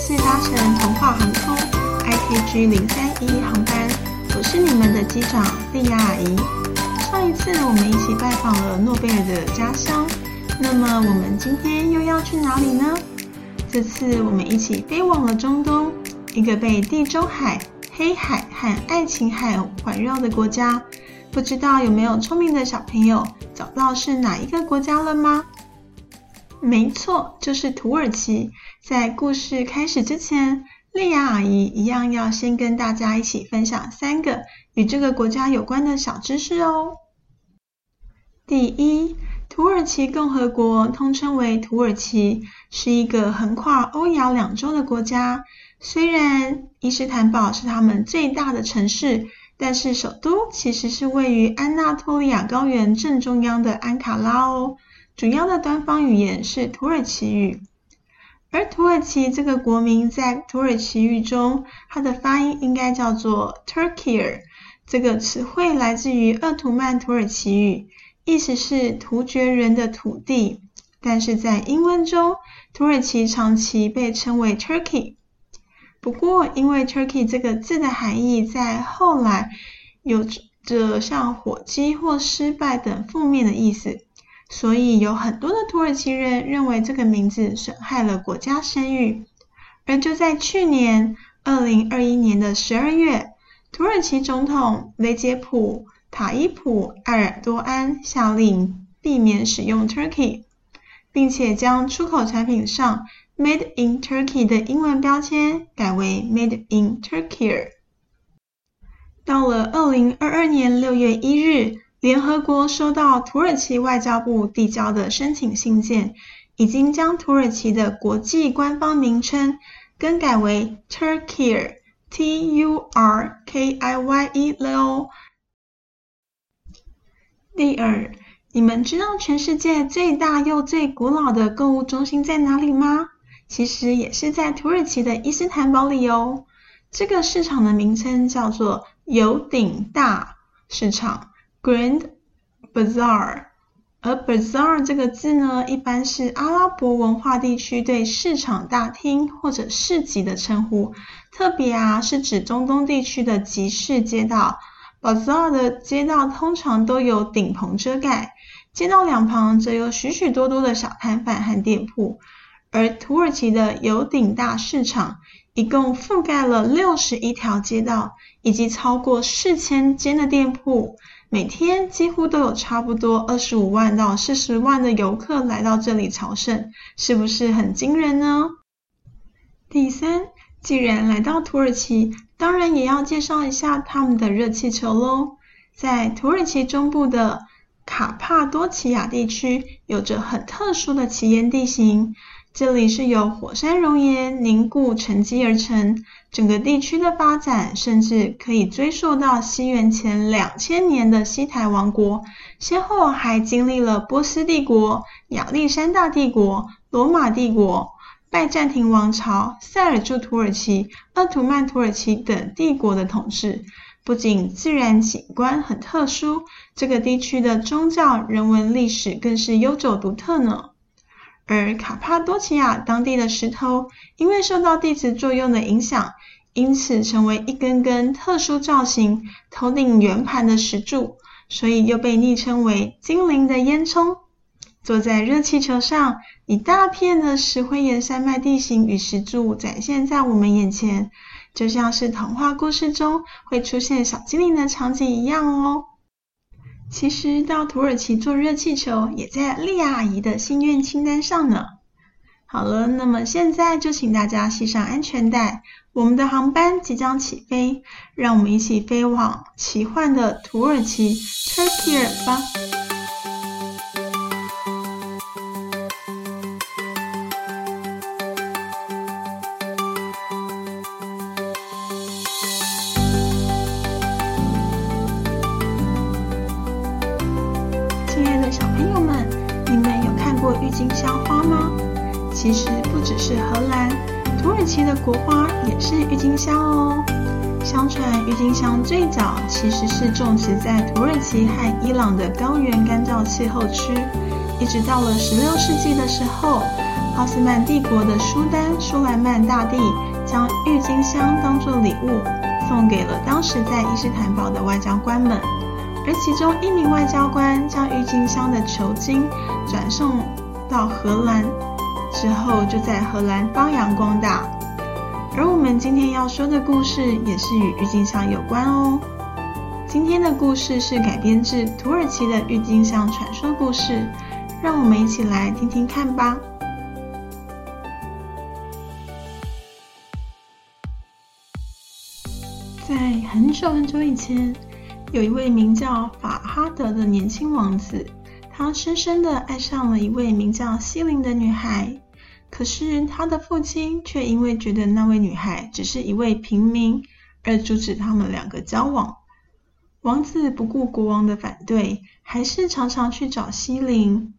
是搭乘童話航空，IKG 零三一航班。我是你們的機長莉亞阿姨。上一次我們一起拜訪了諾貝爾的家鄉，那麼我們今天又要去哪裡呢？這次我們一起飛往了中東，一個被地中海、黑海和愛琴海環繞的國家。不知道有沒有聰明的小朋友找到是哪一個國家了嗎？沒錯，就是土耳其。在故事開始之前，莉亞阿姨一樣要先跟大家一起分享三個與這個國家有關的小知識哦。第一，土耳其共和國通稱為土耳其，是一個橫跨歐亞兩洲的國家。雖然伊斯坦堡是他們最大的城市，但是首都其實是位於安納托利亞高原正中央的安卡拉哦。主要的官方語言是土耳其語，而土耳其這個國名在土耳其語中，它的發音應該叫做 Turkiye，這個詞彙來自於鄂圖曼土耳其語，意思是“突厥人的土地”。但是在英文中，土耳其長期被稱為 Turkey。不過，因為 Turkey 這個字的含義在後來有着像火雞或失敗等負面的意思。所以有很多的土耳其人認為這個名字損害了國家聲譽。而就在去年，二零二一年的十二月，土耳其總統雷傑普·塔伊普·埃爾多安下令避免使用 Turkey，並且將出口產品上 “Made in Turkey” 的英文標籤改為 “Made in Türkiye”。到了二零二二年六月一日，聯合國收到土耳其外交部遞交的申請信件，已經將土耳其的國際官方名稱更改為 Turkiye，T-U-R-K-I-Y-E 了哦。第二，你們知道全世界最大又最古老的購物中心在哪裡嗎？其實也是在土耳其的伊斯坦堡裡哦。這個市場的名稱叫做有頂大市場。Grand Bazaar，而 Bazaar 這個字呢，一般是阿拉伯文化地區對市場大廳或者市集的稱呼，特別啊是指中東地區的集市街道。Bazaar 的街道通常都有頂棚遮蓋，街道兩旁則有許許多多的小攤販和店鋪。而土耳其的有頂大市場，一共覆蓋了六十一條街道，以及超過四千間的店鋪。每天幾乎都有差不多二十五萬到四十萬的遊客來到這裡朝聖，是不是很驚人呢？第三，既然來到土耳其，當然也要介紹一下他們的熱氣球嘍。在土耳其中部的卡帕多奇亞地區，有着很特殊的奇岩地形。這裡是由火山熔岩凝固沉積而成。整個地區的發展甚至可以追溯到西元前兩千年的西台王國，先後還經歷了波斯帝國、亞歷山大帝國、羅馬帝國、拜占庭王朝、塞爾柱土耳其、鄂圖曼土耳其等帝國的統治。不僅自然景觀很特殊，這個地區的宗教、人文歷史更是悠久獨特呢。而卡帕多奇亞當地的石頭，因為受到地質作用的影響，因此成為一根根特殊造型、頭頂圓盤的石柱，所以又被昵稱為“精靈的煙囪”。坐在熱氣球上，一大片的石灰岩山脈地形與石柱展現在我們眼前，就像是童話故事中會出現小精靈的場景一樣哦。其實到土耳其坐熱氣球也在莉亞阿姨的心願清單上呢。好了，那麼現在就請大家繫上安全帶，我們的航班即將起飛，讓我們一起飛往奇幻的土耳其 Turkey 吧。金香花嗎？其實不只是荷蘭，土耳其的國花也是鬱金香哦。相傳鬱金香最早其實是種植在土耳其和伊朗的高原乾燥氣候區，一直到了十六世紀的時候，奧斯曼帝國的蘇丹蘇萊曼大帝將鬱金香當做禮物送給了當時在伊斯坦堡的外交官們，而其中一名外交官將鬱金香的球莖轉送。到荷蘭之後，就在荷蘭發揚光大。而我們今天要說的故事，也是與鬱金香有關哦。今天的故事是改編自土耳其的鬱金香傳說故事，讓我們一起來聽聽看吧。在很久很久以前，有一位名叫法哈德的年輕王子。他深深的愛上了一位名叫西陵的女孩，可是他的父親卻因為覺得那位女孩只是一位平民，而阻止他們兩個交往。王子不顧國王的反對，還是常常去找西陵。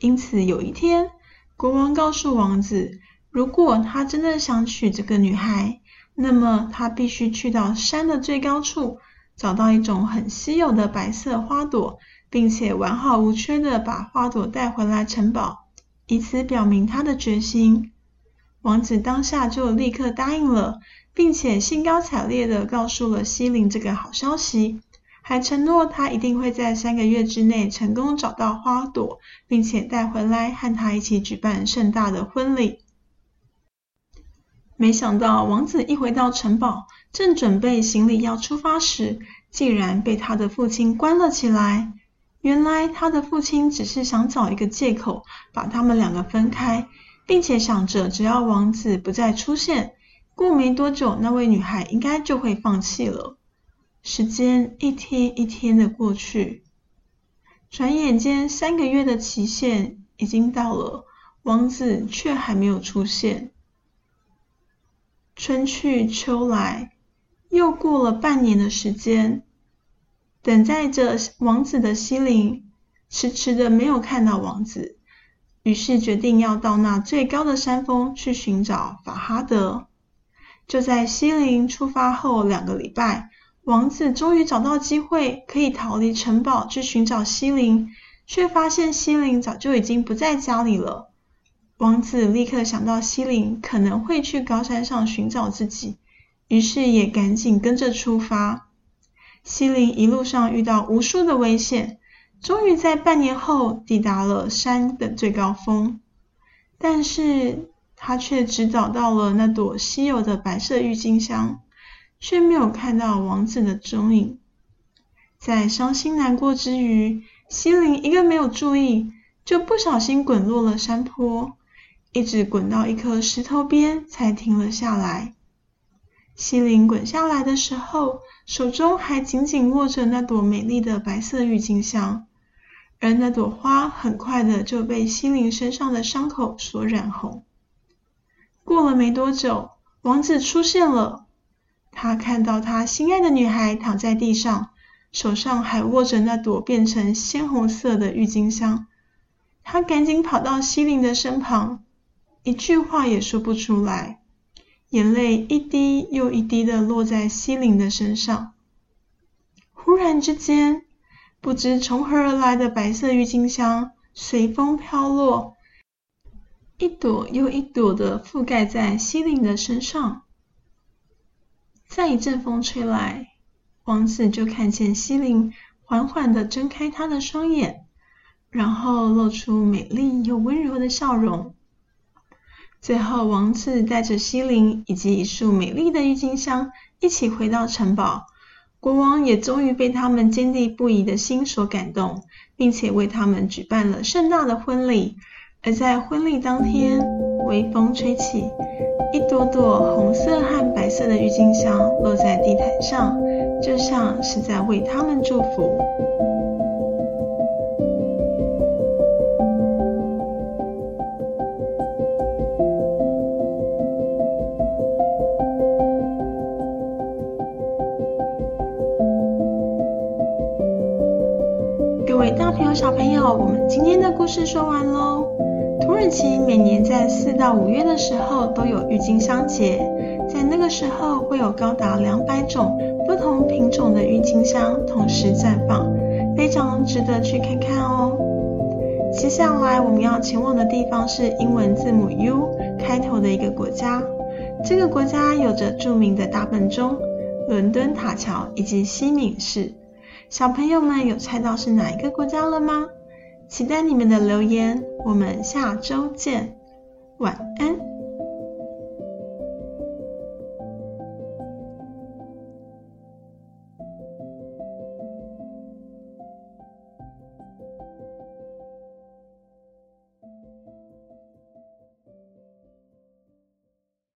因此，有一天，國王告訴王子，如果他真的想娶這個女孩，那麼他必須去到山的最高處，找到一種很稀有的白色花朵。並且完好無缺地把花朵帶回來城堡，以此表明他的決心。王子當下就立刻答應了，並且興高采烈地告訴了西陵這個好消息，還承諾他一定會在三個月之內成功找到花朵，並且帶回來和她一起舉辦盛大的婚禮。沒想到，王子一回到城堡，正準備行李要出發時，竟然被他的父親關了起來。原來他的父親只是想找一個借口把他們兩個分開，並且想着只要王子不再出現，過沒多久那位女孩應該就會放棄了。時間一天一天的過去，轉眼間三個月的期限已經到了，王子卻還沒有出現。春去秋來，又過了半年的時間。等待着王子的西陵，遲遲的沒有看到王子，於是決定要到那最高的山峰去尋找法哈德。就在西陵出發後兩個禮拜，王子終於找到機會可以逃離城堡去尋找西陵，卻發現西陵早就已經不在家裡了。王子立刻想到西陵可能會去高山上尋找自己，於是也趕緊跟着出發。西林一路上遇到無數的危險，終於在半年後抵達了山的最高峰。但是，他卻只找到了那朵稀有的白色鬱金香，卻沒有看到王子的蹤影。在傷心難過之餘，西林一個沒有注意，就不小心滾落了山坡，一直滾到一顆石頭邊才停了下來。西琳滾下來的時候，手中還緊緊握着那朵美麗的白色鬱金香，而那朵花很快的就被西琳身上的傷口所染紅。過了沒多久，王子出現了，他看到他心愛的女孩躺在地上，手上還握着那朵變成鮮紅色的鬱金香，他趕緊跑到西琳的身旁，一句話也說不出來。眼淚一滴又一滴的落在西林的身上。忽然之間，不知從何而來的白色鬱金香隨風飄落，一朵又一朵的覆蓋在西林的身上。再一陣風吹來，王子就看見西林緩緩的睜開她的雙眼，然後露出美麗又溫柔的笑容。最後，王子帶着西林以及一束美麗的鬱金香一起回到城堡。國王也終於被他們堅定不移的心所感動，並且為他們舉辦了盛大的婚禮。而在婚禮當天，微風吹起，一朵朵紅色和白色的鬱金香落在地毯上，就像是在為他們祝福。小朋友，我們今天的故事說完嘍。土耳其每年在四到五月的時候都有鬱金香節，在那個時候會有高達兩百種不同品種的鬱金香同時綻放，非常值得去看看哦。接下來我們要前往的地方是英文字母 U 開頭的一個國家，這個國家有着著名的大笨鐘、倫敦塔橋以及西敏寺。小朋友們有猜到是哪一個國家了嗎？期待你們的留言，我們下周見，晚安。